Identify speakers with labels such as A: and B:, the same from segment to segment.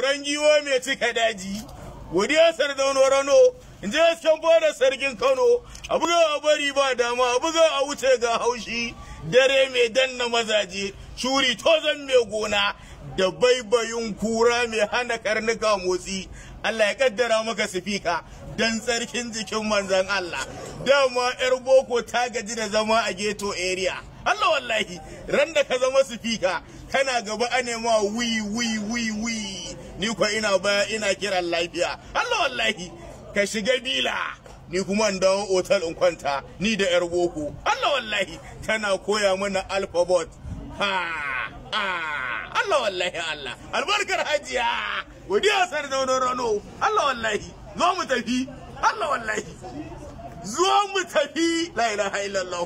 A: wa mai cika daji, da wani rano, in je hasken bada sarkin Kano, a buga a bari ba dama, a buga a wuce ga haushi, dare mai danna mazaje, shuri tozan mai gona, da baibayin kura mai hana karnuka motsi, Allah ya kaddara maka sifika Dan tsarkin jikin manzan Allah. Dama 'yar boko ta gaji da zama a ghetto area. Allah wallahi, ran da ka zama sifika, kana gaba a nema wi wi wi wi ni ko ina baya ina kiran lafiya Allah wallahi ka shiga bila ni kuma in dawo otal in kwanta ni da yar boko Allah wallahi tana koya mana alphabet ha a Allah wallahi Allah albarkar hajiya godiya sar zaune rano Allah wallahi zo mu tafi Allah wallahi zo mu tafi la ilaha illallah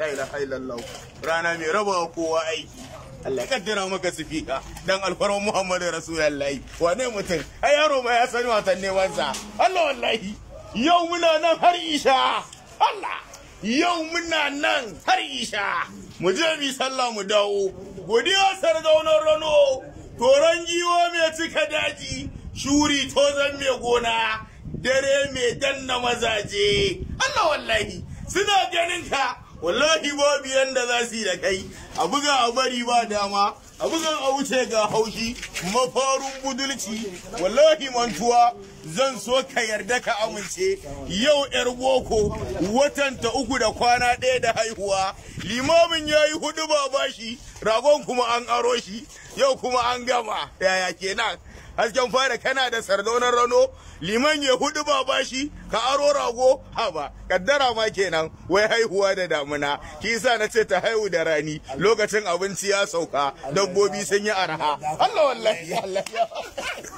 A: la ilaha illallah rana mai raba kowa aiki Allah ka kaddara maka sifika dan alfarma Muhammadu Rasulullahi wane mutum ai yaro ma ya sani wasan neman sa Allah wallahi yau muna nan har isha Allah yau muna nan har isha mu je mi sallah mu dawo godiya sargaunar rano toron giwa mai cika daji shuri tozan mai gona dare mai danna mazaje Allah wallahi suna ganin ka wallahi babu yanda za su yi da kai a buga a bari ba dama a buga a wuce ga haushi mafarin budulci wallahi mantuwa zan so ka yarda ka amince yau yar boko watan ta uku da kwana ɗaya da haihuwa limamin ya yi hudu ba bashi ragon kuma an aro shi yau kuma an gama yaya kenan hasken fara kana da sardaunar rano liman ya hudu ba bashi ka aro rago ha ba kaddara ma kenan wai haihuwa da damuna kisa na ce ta haihu da rani lokacin abinci ya sauka dabbobi sun yi araha Allah wallahi Allah